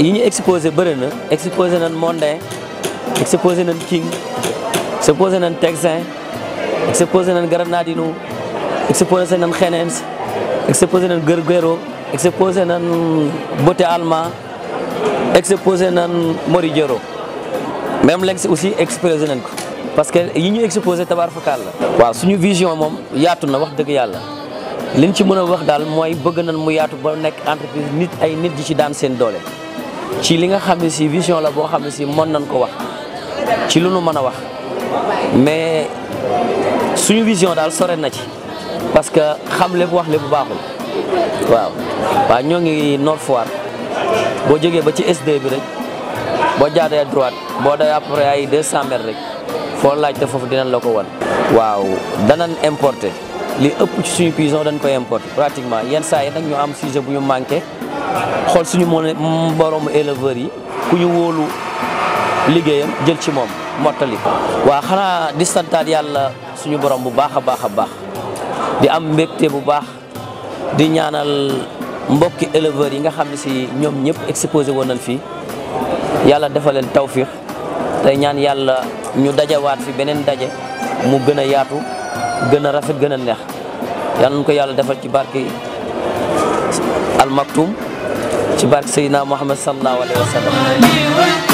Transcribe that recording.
yi ñu exposé bëri na exposé nañ mondain exposé nañ king exposé nañ texan exposé nañ grenadino exposé nañ xeneens exposé nañ gerguero exposé nañ beauté allemand exposé nañ morigero même legs aussi exposé nañ ko parce que yi ñu exposé tabaar fakal la waaw suñu vision moom yaatu na wax dëgg yàlla liñ ci mën a wax daal mooy bëgg nan mu yaatu ba nekk entreprise nit ay nit ji ci daan seen doole ci li nga xam ne si vision la boo xam ne si mën nañ ko wax ci lu nu mën a wax mais suñu vision daal sore na ci parce que xam lépp wax lépp baaxul waaw waaw ñoo ngi Nord Foire boo jógee ba ci SD bi rek boo jaaree droite boo day après ay 200 mètres rek foo laajte foofu dinañ la ko wan. waaw danañ importer li ëpp ci suñu pigeon dañ koy importer pratiquement yenn saa yi nag ñu am sujet bu ñu manqué. xool suñu mën boroomu éleveurs yi ku ñu wóolu liggéeyam jël ci moom mottali waa xanaa di santaat yàlla suñu borom bu baax a baax a baax di am mbégte bu baax di ñaanal mbokki éleveurs yi nga xam ne si ñoom ñëpp exposé woon nañ fii yàlla defal leen tawfiix tey ñaan yàlla ñu dajawaat fi beneen daje mu gën a yaatu gën a rafet gën a neex yàlla nañ ko yàlla defal ci barke Al تبارك سيدنا محمد صلى الله عليه وسلم